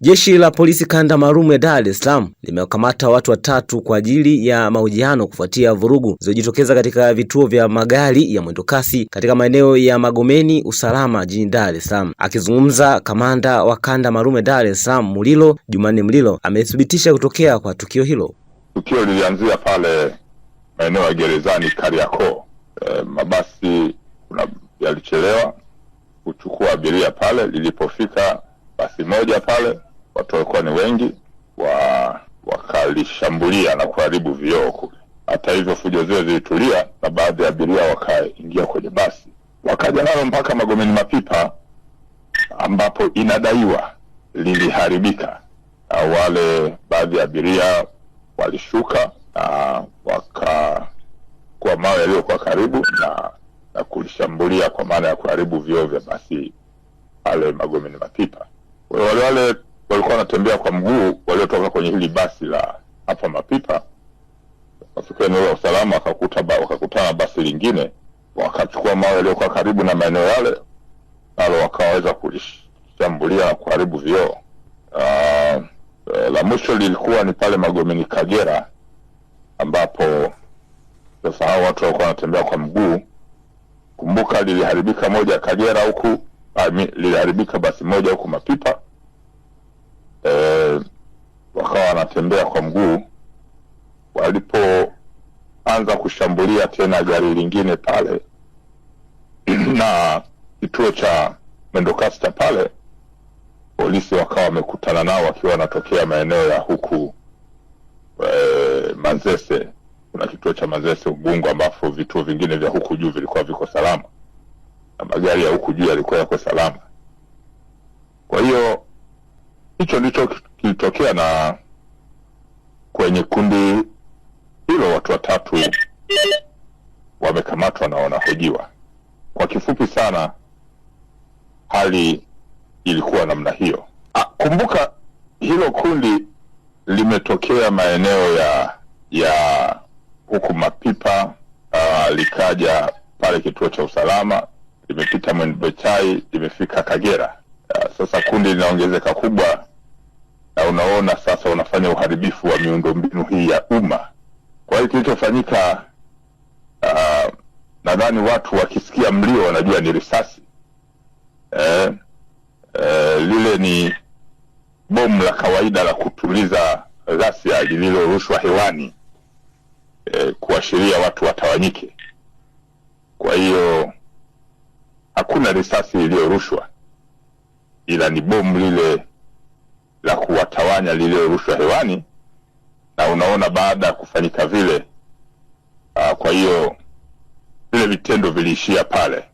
Jeshi la polisi kanda maalum ya Dar es Salaam limewakamata watu watatu kwa ajili ya mahojiano kufuatia vurugu zilizojitokeza katika vituo vya magari ya mwendokasi katika maeneo ya Magomeni, Usalama jijini Dar es Salaam. Akizungumza, kamanda wa kanda maalum ya Dar es Salaam Mulilo Jumanne Mulilo amethibitisha kutokea kwa tukio hilo. Tukio lilianzia pale maeneo ya gerezani Kariakoo. E, mabasi yalichelewa kuchukua abiria pale, lilipofika basi moja pale watu walikuwa ni wengi wa wakalishambulia na kuharibu vioo kule. Hata hivyo, fujo zile zilitulia na baadhi ya abiria wakaingia kwenye basi, wakaja nalo mpaka Magomeni Mapipa, ambapo inadaiwa liliharibika na wale baadhi ya abiria walishuka na wakakua mawe yaliyokuwa karibu na, na kulishambulia kwa maana ya kuharibu vioo vya basi pale Magomeni Mapipa. Wale wale walikuwa wanatembea kwa mguu waliotoka kwenye hili basi la hapa Mapipa, wafika eneo la usalama wakakutana basi lingine, wakachukua mawe yaliyokuwa karibu na maeneo yale, nalo wakaweza kulishambulia na kuharibu vioo. Uh, la mwisho lilikuwa ni pale Magomeni Kagera, ambapo sasa hao watu walikuwa wanatembea kwa mguu. Kumbuka liliharibika moja Kagera huku, ah, liliharibika basi moja huku Mapipa kutembea kwa mguu, walipoanza kushambulia tena gari lingine pale na kituo cha Mendokasta pale, polisi wakawa wamekutana nao wakiwa wanatokea maeneo ya huku e, eh, mazese Kuna kituo cha mazese Ubungo, ambapo vituo vingine vya huku juu vilikuwa viko salama na magari ya huku juu yalikuwa yako salama. Kwa hiyo hicho ndicho kilitokea na kwenye kundi hilo watu watatu wamekamatwa na wanahojiwa. Kwa kifupi sana, hali ilikuwa namna hiyo. A, ah, kumbuka hilo kundi limetokea maeneo ya ya huku Mapipa, uh, likaja pale kituo cha usalama, limepita mwenbechai limefika Kagera. Uh, sasa kundi linaongezeka kubwa na unaona sasa unafanya uharibifu wa miundombinu hii ya umma. Kwa hiyo kilichofanyika, uh, nadhani watu wakisikia mlio wanajua ni risasi eh, eh, lile ni bomu la kawaida la kutuliza ghasia lililorushwa hewani eh, kuashiria watu watawanyike. Kwa hiyo hakuna risasi iliyorushwa, ila ni bomu lile la kuwatawanya lililorushwa hewani, na unaona baada ya kufanyika vile. uh, kwa hiyo vile vitendo viliishia pale.